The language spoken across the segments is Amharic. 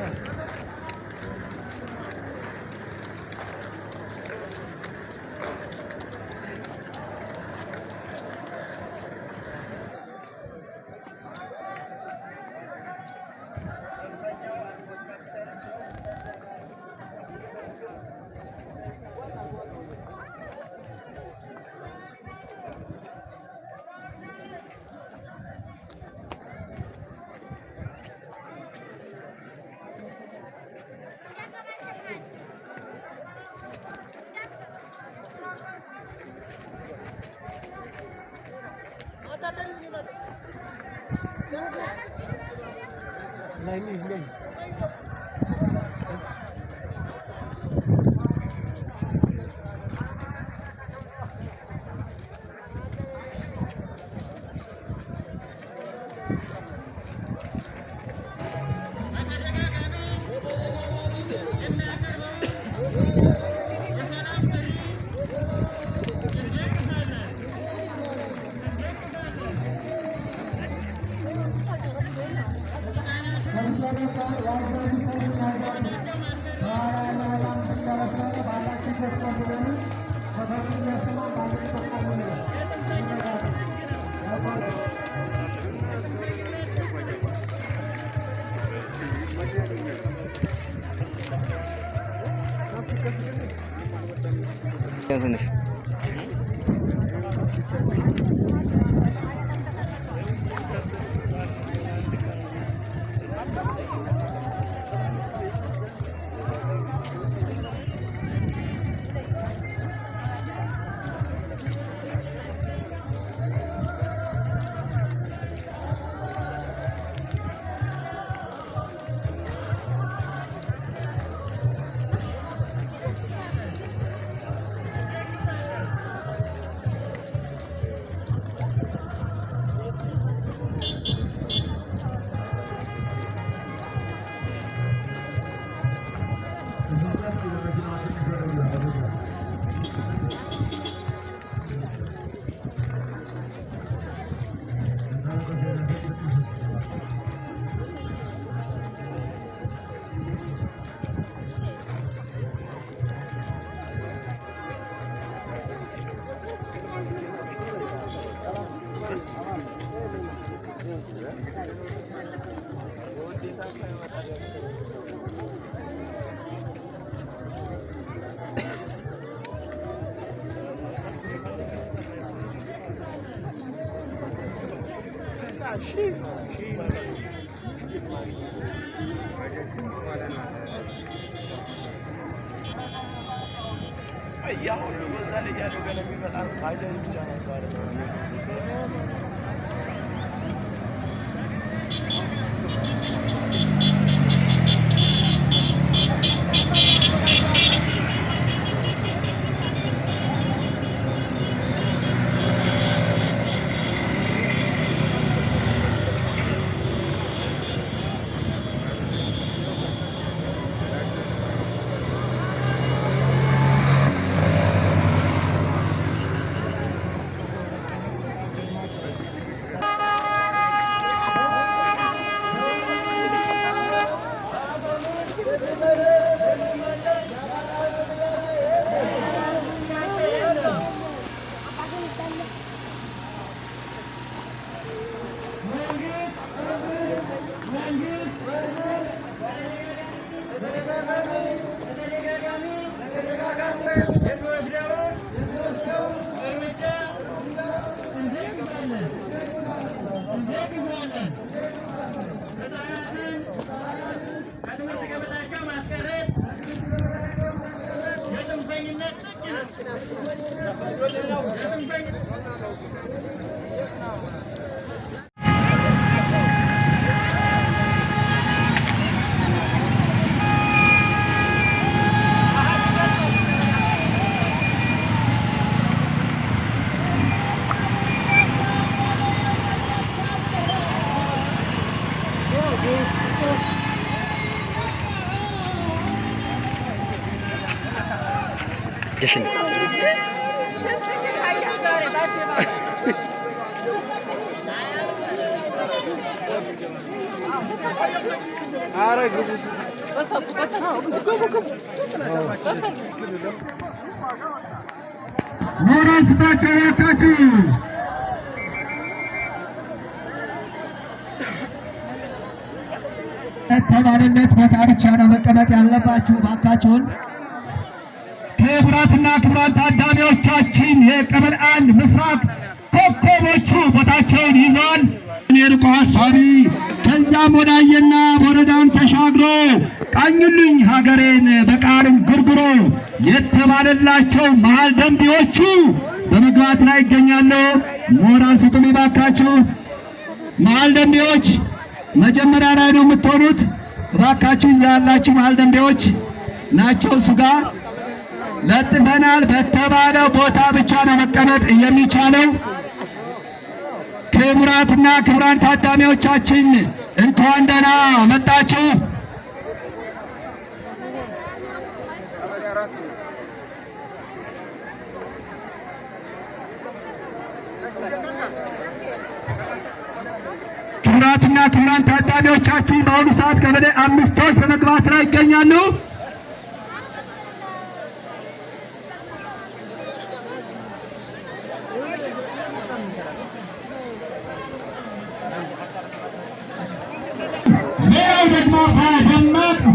Thank you. Thank you. Yazınız. እየወደሽ ነው። ሞራልስታቸው ተማሪነት ቦታ ብቻ ነው መቀመጥ ያለባችሁ ባካችሁን። ክቡራትና ክቡራን ታዳሚዎቻችን የቀበል አንድ ምስራቅ ኮከቦቹ ቦታቸውን ይዘዋል። የርቆ ሀሳቢ ከዚያም ወዳየና ወረዳን ተሻግሮ ቃኝልኝ ሀገሬን በቃርን ጉርጉሮ የተባለላቸው መሀል ደንቢዎቹ በመግባት ላይ ይገኛሉ። ሞራል ፍጡም ይባካችሁ። መሀል ደንቢዎች መጀመሪያ ላይ ነው የምትሆኑት። እባካችሁ ይዛላችሁ መሀል ደንቢዎች ናቸው እሱ ጋር ለጥፈናል በተባለው ቦታ ብቻ ነው መቀመጥ የሚቻለው። ክቡራትና ክቡራን ታዳሚዎቻችን እንኳን ደህና መጣችሁ። ክቡራትና ክቡራን ታዳሚዎቻችን በአሁኑ ሰዓት ቀበሌ አምስቶች በመግባት ላይ ይገኛሉ።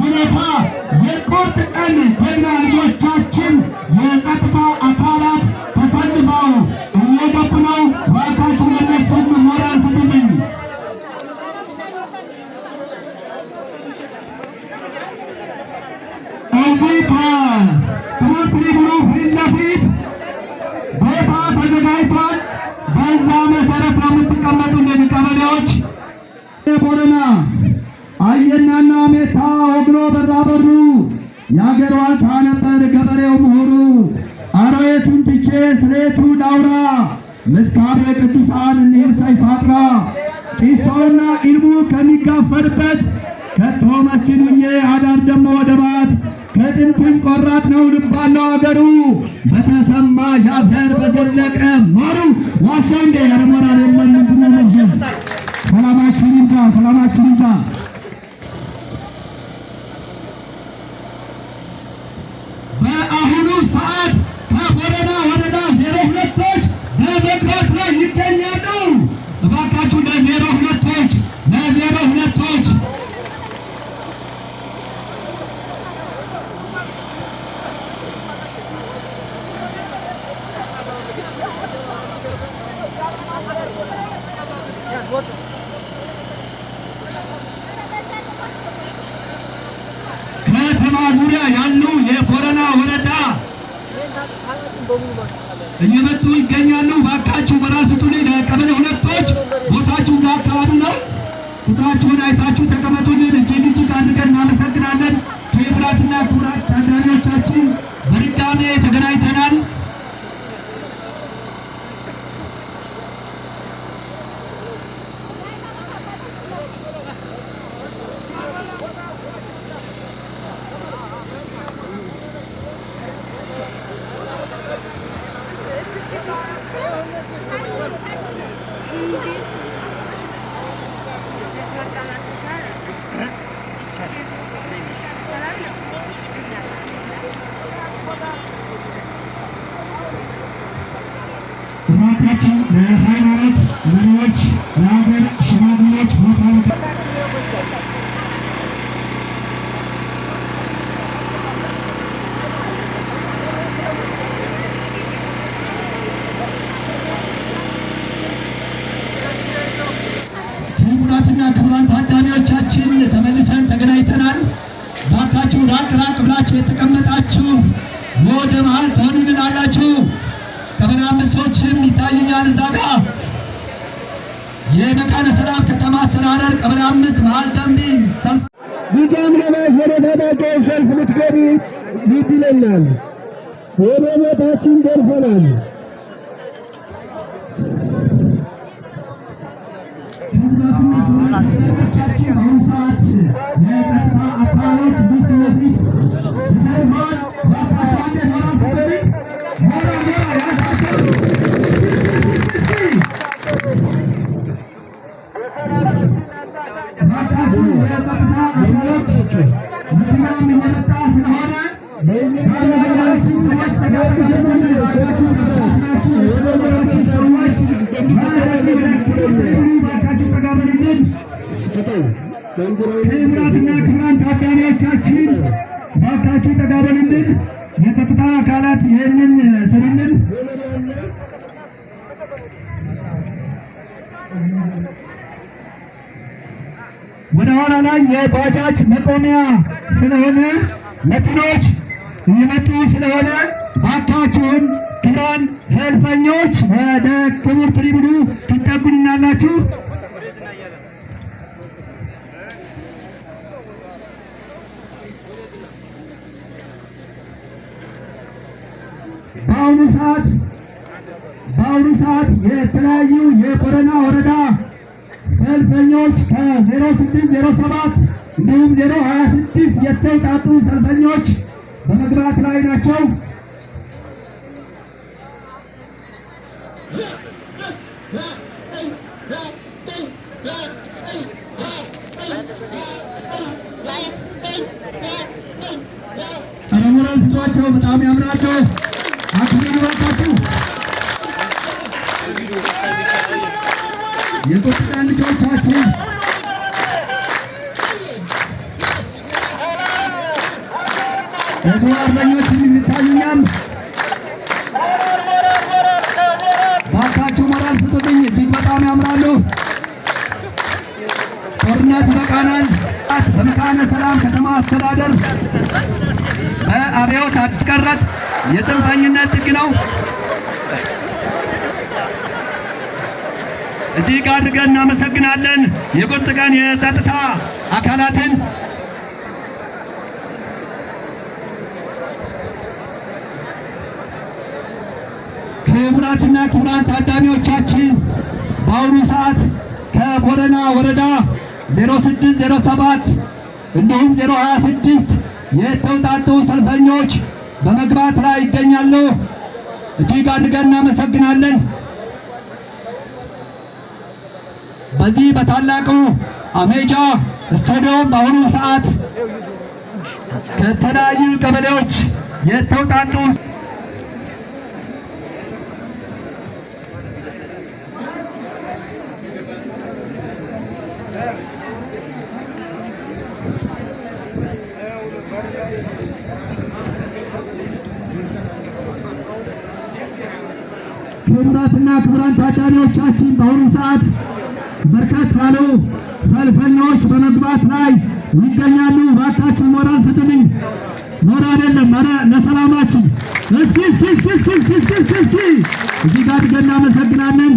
ሁኔታ የቁርጥ ቀን ጀግና ልጆቻችን የጸጥታ አካላት በራበሩ የአገር ዋልታ ነበር ገበሬው ምሁሩ አራየቱን ትቼ ስሌቱን ዳውራ መስካበ ቅዱሳን እንሄድ ሳይፋጥራ ጢሶና ኢልሙ ከሚጋፈርበት ከቶ መስችኑዬ አዳር ደሞ ወደባት ከጥንቱም ቆራጥ ነው ልባለው አገሩ በተሰማ ሻፈር በዘለቀ ማሩ ዋሻ እንዴ ያረመራ ለምን ነው ሰላማችን ይምጣ ሰላማችን ይምጣ በከተማ ዙሪያ ያሉ የቦረና ወረዳ እየመጡ ይገኛሉ። ባካችሁ በራሱ ጡሌ ለቀበሌ ሁለቶች ቦታችሁ እዛ አካባቢ ነው። ቁጥራችሁን አይታችሁ ተቀመጡልን። እጅግ እጅግ አድርገን እናመሰግናለን። ክቡራትና ክቡራት ታዳሚዎቻችን በድጋሜ ተገናኝተናል። Народ, ночь, надо ቃል ዘጋ። ሰላም ከተማ አስተዳደር ቀበሌ አምስት መሀል ደንቢ ቢጫን ለባሽ ወደ ታጣቂዎች ሰልፍ ልትገቢ ግድ ወደ ቦታችን ደርሰናል። ወደኋላ ላይ የባጃጅ መቆሚያ ስለሆነ መኪኖች እየመጡ ስለሆነ ባካችሁን ክቡራን ሰልፈኞች ወደ ክቡር ትሪቡሉ ትጠጉልናላችሁ። በአሁኑ ሰዓት በአሁኑ ሰዓት የተለያዩ የቦረና ወረዳ ሰልፈኞች ከ0607 እንዲሁም 026 የተውጣጡ ሰልፈኞች በመግባት ላይ ናቸው። አረሙራን ስቷቸው በጣም ያምራቸው አክሚሉ የኢትዮጵያ ልጆቻችን የዱር አርበኞች የሚታዩኛል። ባካችሁ ሞራል ስጡኝ። እጅግ በጣም ያምራሉ። ጦርነት በቃናል። በመካነ ሰላም ከተማ አስተዳደር አብዮት አስቀረት የጽንፈኝነት ጥግ ነው። እጅግ አድርገን እናመሰግናለን። የቁርጥ ቀን የጸጥታ አካላትን ክቡራትና ክቡራን ታዳሚዎቻችን በአሁኑ ሰዓት ከቦረና ወረዳ 0607 እንዲሁም 026 የተውጣጡ ሰልፈኞች በመግባት ላይ ይገኛሉ። እጅግ አድርገን እናመሰግናለን። በዚህ በታላቁ አሜጃ ስታዲየም በአሁኑ ሰዓት ከተለያዩ ቀበሌዎች የተውጣጡ ክቡራትና ክቡራን ታዳሚዎቻችን በአሁኑ ሰዓት በርከት ያሉ ሰልፈኞች በመግባት ላይ ይገኛሉ። ባካችሁ ሞራል ስጥልኝ። ሞራል የለም። ኧረ ለሰላማችን እስኪ እስኪ እስኪ እስኪ እስኪ እስኪ እስኪ እዚህ ጋር እናመሰግናለን።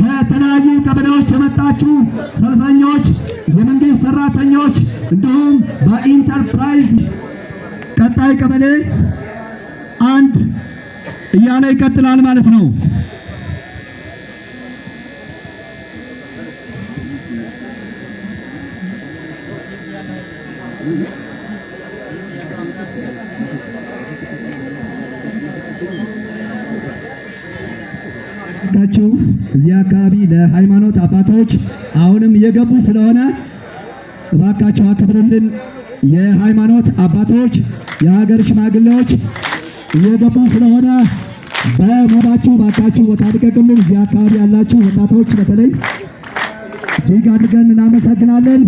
ከተለያዩ ቀበሌዎች የመጣችሁ ሰልፈኞች፣ የመንግስት ሰራተኞች እንዲሁም በኢንተርፕራይዝ ቀጣይ ቀበሌ አንድ እያለ ይቀጥላል ማለት ነው። መጣችሁ። እዚህ አካባቢ ለሃይማኖት አባቶች አሁንም እየገቡ ስለሆነ እባካቸው አክብርልን። የሃይማኖት አባቶች፣ የሀገር ሽማግሌዎች እየገቡ ስለሆነ በሞባችሁ ባካችሁ ቦታ ልቀቅልን። እዚህ አካባቢ ያላችሁ ወጣቶች በተለይ እጅግ አድርገን እናመሰግናለን።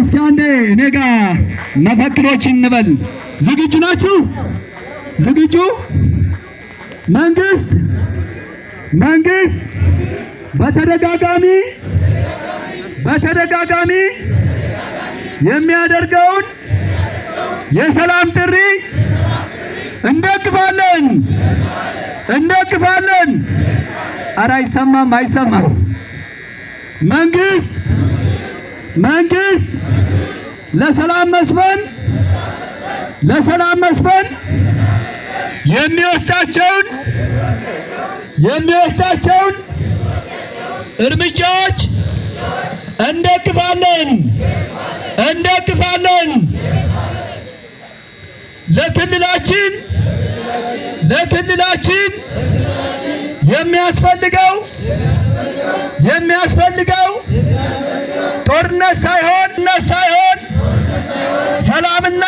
እስኪ አንዴ እኔ ጋ መፈክሮች እንበል። ዝግጁ ናችሁ? ዝግጁ መንግስት መንግስት በተደጋጋሚ በተደጋጋሚ የሚያደርገውን የሰላም ጥሪ እንደግፋለን እንደግፋለን። ኧረ አይሰማም አይሰማም። መንግስት መንግስት ለሰላም መስፈን ለሰላም መስፈን የሚወስዳቸውን የሚወስዳቸውን እርምጃዎች እንደግፋለን እንደግፋለን። ለክልላችን ለክልላችን የሚያስፈልገው የሚያስፈልገው ጦርነት ሳይሆን ሳይሆን ሰላምና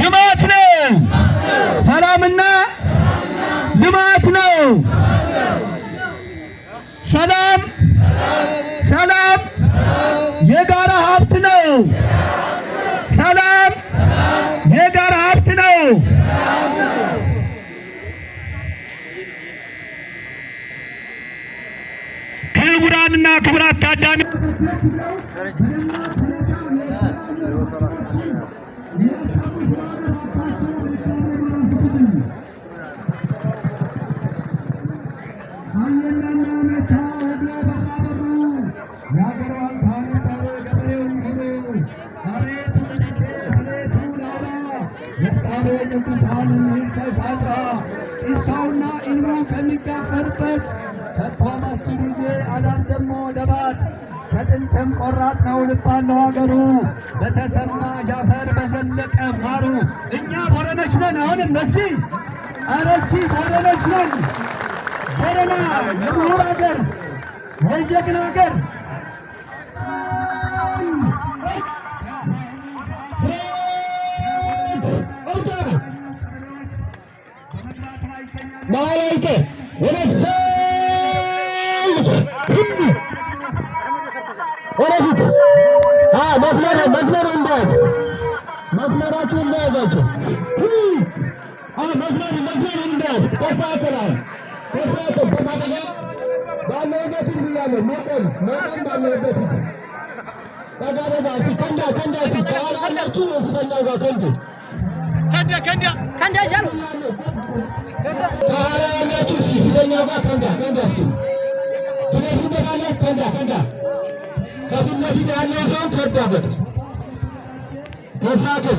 ልማት ነው። ሰላምና ልማት ነው። ሰላም ሰላም የጋራ ሀብት ነው። ሰላም የጋራ ሀብት ነው። ክቡራንና ክቡራት ታዳሚ አጥንትም ቆራጥ ነው ልባለው ሀገሩ በተሰማ ጃፈር በዘለቀ ማሩ እኛ ቦረነች ነን። አሁን እነዚህ ኧረ እስኪ ቦረነች ነን። ቦረና የምሁር ሀገር የጀግና ሀገር ማላይከ ወደፊት to Morgoto. Woo! Ah, Masman, Masman in there. That's our plan. That's our plan. Come Ne again. That may get it, Ne No one. No one that may get it. Kaga daga su kanda kanda su ka ala Allah tuwo su kanda ga kanda. Kanda kanda. Kanda jam. Kanda ala Allah tuwo su kanda ga kanda kanda su. Kanda su da kanda kanda kanda. kafin na fi da hannun zan karta ba ta sakar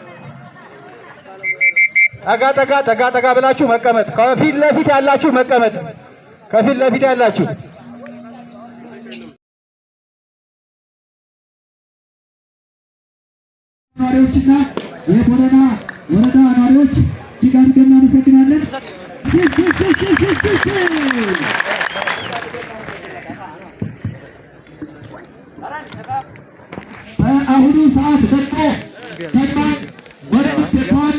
ጠጋ ጠጋ ጠጋ ጠጋ ብላችሁ መቀመጥ። ከፊት ለፊት ያላችሁ መቀመጥ። ከፊት ለፊት ያላችሁ ነዋሪዎችና የቦረና ወረዳ ነዋሪዎች እናመሰግናለን። በአሁኑ ሰዓት ደግሞ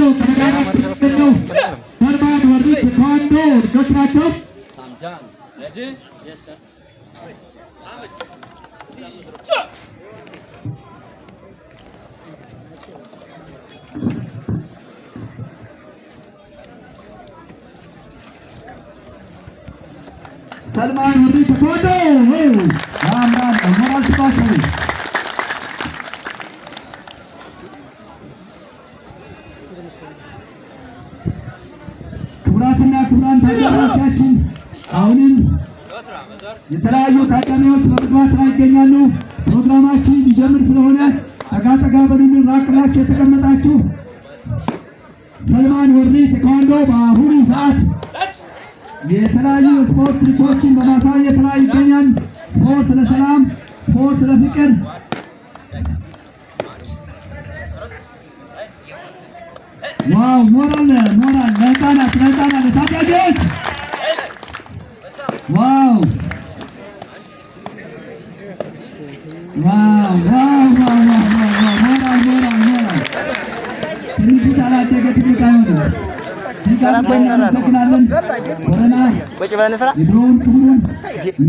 Komando Pendangan Penuh Sarmat Wardi Komando Yes sir Chop Salman Wardi Komando Hey Ram Ram Moral Spasari ክቡራትና ክቡራን ታዳሚዎቻችን አሁንም የተለያዩ ታዳሚዎች በመግባት ላይ ይገኛሉ።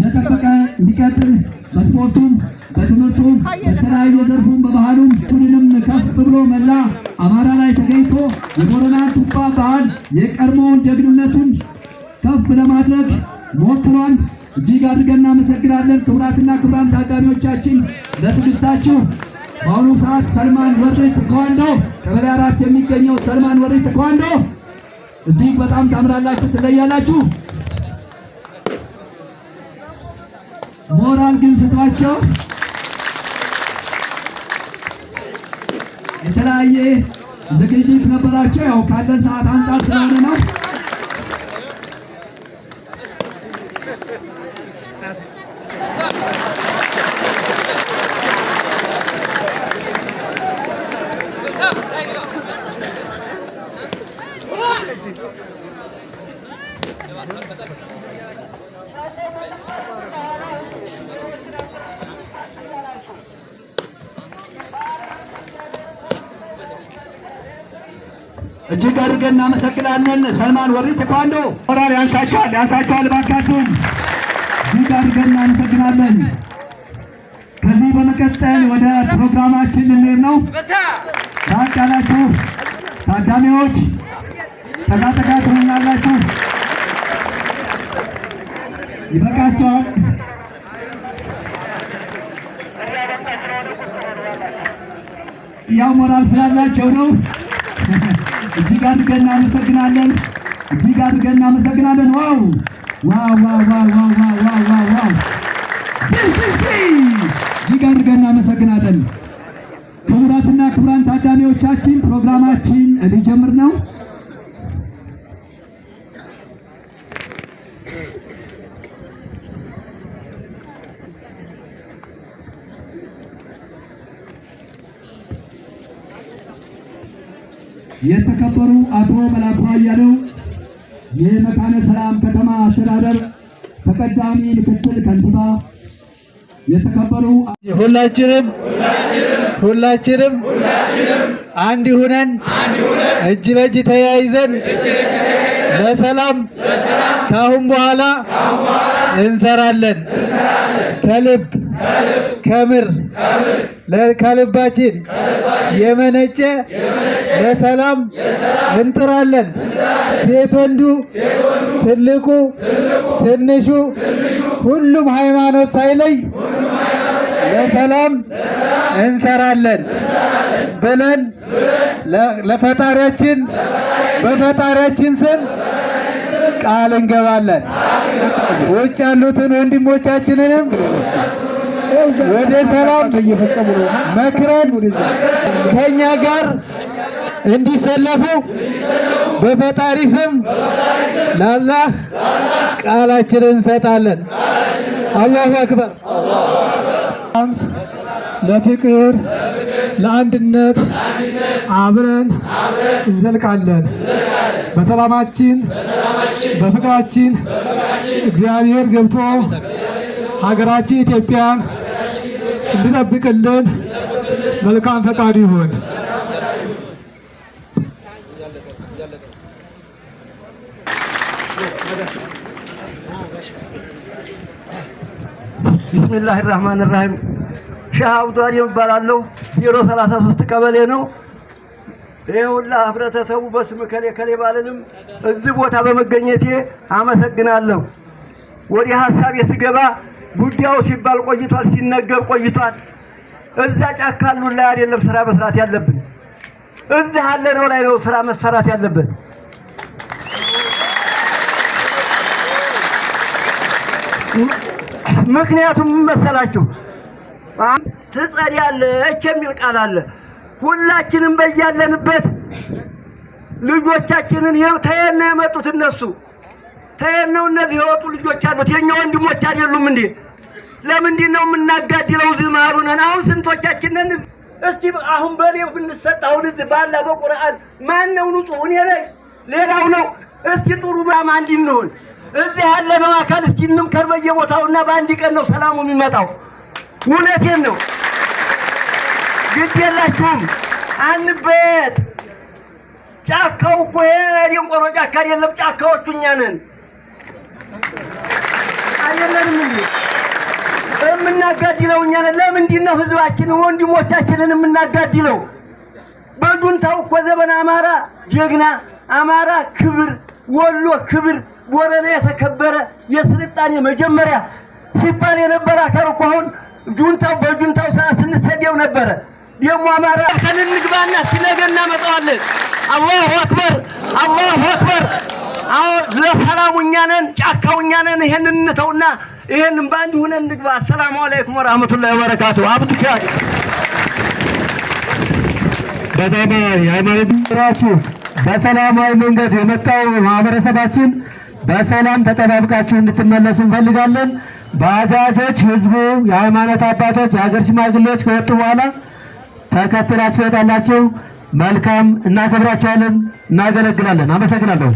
እንደጠበቀ እንዲቀጥል በስፖርቱም በትምህርቱም በተለያዩ ዘርፉም በባህሉም ሁሉንም ከፍ ብሎ መላ አማራ ላይ ተገኝቶ የቦረና ቱባ ባህል የቀድሞውን ጀግንነቱን ከፍ ለማድረግ ሞክሯል። እጅግ አድርገን እናመሰግናለን። ክቡራትና ክቡራን ታዳሚዎቻችን ለትዕግስታችሁ በአሁኑ ሰዓት ሰልማን ወርሪ ተኳንዶ ቀበሌ አራት የሚገኘው ሰልማን ወርሪ ተኳንዶ እጅግ በጣም ታምራላችሁ፣ ትለያላችሁ። ሞራል ግን ስቷቸው የተለያየ ዝግጅት ነበራቸው። ያው ካለን ሰዓት አንጻር ስለሆነ ነው። አድርገን እናመሰግናለን። ሰልማን ወሪ ቴኳንዶ ሞራል ያንሳቸዋል፣ ያንሳቸዋል። ባካችሁም እጅግ አድርገን እናመሰግናለን። ከዚህ በመቀጠል ወደ ፕሮግራማችን እንሄድ ነው። ራቅ ያላችሁ ታዳሚዎች ተጋጠጋ ትሆናላችሁ። ይበቃቸዋል። ያው ሞራል ስላላቸው ነው። እጅግ አድርገን እናመሰግናለን። እጅግ አድርገን እናመሰግናለን። ዋው ዋው ዋው ዋው ዋው ዋው እጅግ አድርገን እናመሰግናለን። ክቡራትና ክቡራን ታዳሚዎቻችን ፕሮግራማችን ሊጀምር ነው። አቶ መላኩ አያሌው የመካነ ሰላም ከተማ አስተዳደር ተቀዳሚ ምክትል ከንቲባ የተከበሩ ሁላችንም ሁላችንም አንድ ሁነን እጅ ለእጅ ተያይዘን ለሰላም ከአሁን በኋላ እንሰራለን ከልብ ከምር ከልባችን የመነጨ ለሰላም እንጥራለን። ሴት ወንዱ፣ ትልቁ ትንሹ፣ ሁሉም ሃይማኖት ሳይለይ ለሰላም እንሰራለን ብለን ለፈጣሪያችን በፈጣሪያችን ስም ቃል እንገባለን። ውጭ ያሉትን ወንድሞቻችንንም ወደ ሰላም መክረን ከእኛ ጋር እንዲሰለፉ በፈጣሪ ስም ለአላህ ቃላችንን እንሰጣለን። አላሁ አክበር። ለፍቅር ለአንድነት አብረን እንዘልቃለን። በሰላማችን በፍቅራችን እግዚአብሔር ገብቶ ሀገራችን ኢትዮጵያን እንድጠብቅልን መልካም ፈቃዱ ይሁን። ቢስሚላህ ራህማን ራሂም። ሻህ አብዱአሊ እባላለሁ። ዜሮ ሰላሳ ሶስት ቀበሌ ነው። ይህ ሁላ ህብረተሰቡ በስም ከሌ ከሌ ባልልም እዚህ ቦታ በመገኘቴ አመሰግናለሁ። ወዲህ ሀሳብ የስገባ ጉዳዩ ሲባል ቆይቷል፣ ሲነገር ቆይቷል። እዛ ጫካሉን ላይ አይደለም ስራ መስራት ያለብን፣ እዛ ያለነው ላይ ነው ስራ መሰራት ያለበት። ምክንያቱም መሰላችሁ ትጸድያለች የሚል ቃል አለ። ሁላችንም በያለንበት ልጆቻችንን ተየና የመጡት እነሱ ተየነው እነዚህ የወጡ ልጆች አሉት የኛ ወንድሞች አይደሉም እንዴ? ለምንድን ነው የምናጋድለው? እዚህ መሀሉን አሁን ስንቶቻችንን እስቲ አሁን በኔ ብንሰጥ አሁን እዚህ ባላ በቁርአን ማን ነው ንጹህ? እኔ ላይ ሌላው ነው። እስቲ ጥሩ ማማ እንድንሆን እዚህ ያለ ነው አካል እስቲ እንምከር በየቦታውና በአንድ ቀን ነው ሰላሙ የሚመጣው። እውነቴን ነው። ግድ የላችሁም አንበት ጫካው እኮ ሄደን ጫካ የለም። ጫካዎቹ እኛ ነን አይደለንም እንዴ? የምናጋድለው እኛ ነን። ለምንድን ነው ህዝባችንን ወንድሞቻችንን የምናጋድለው? በጁንታው እኮ ዘመን አማራ ጀግና፣ አማራ ክብር፣ ወሎ ክብር፣ ቦረና የተከበረ የስልጣኔ መጀመሪያ ሲባል የነበረ አካል እኮ አሁን ጁንታው በጁንታው ሰዓት ስንሰደው ነበረ። ደግሞ አማራ ከንንግባና ሲነገ እናመጣዋለን። አላሁ አክበር፣ አላሁ አክበር ለሰላሙ እኛ ነን፣ ጫካው እኛ ነን። ይሄን እንተውና በአንድ ሁነን እንግባ። አሰላሙ አለይኩም ወራህመቱላሂ ወበረካቱ። አብዱ በጣም የሃይማኖት ስራችሁ በሰላማዊ መንገድ የመጣው ማህበረሰባችን በሰላም ተጠባብቃችሁ እንድትመለሱ እንፈልጋለን። ባጃጆች፣ ህዝቡ፣ የሃይማኖት አባቶች፣ የሀገር ሽማግሌዎች ከወጡ በኋላ ተከትላችሁ ትወጣላችሁ። መልካም። እናከብራችኋለን፣ እናገለግላለን። አመሰግናለሁ።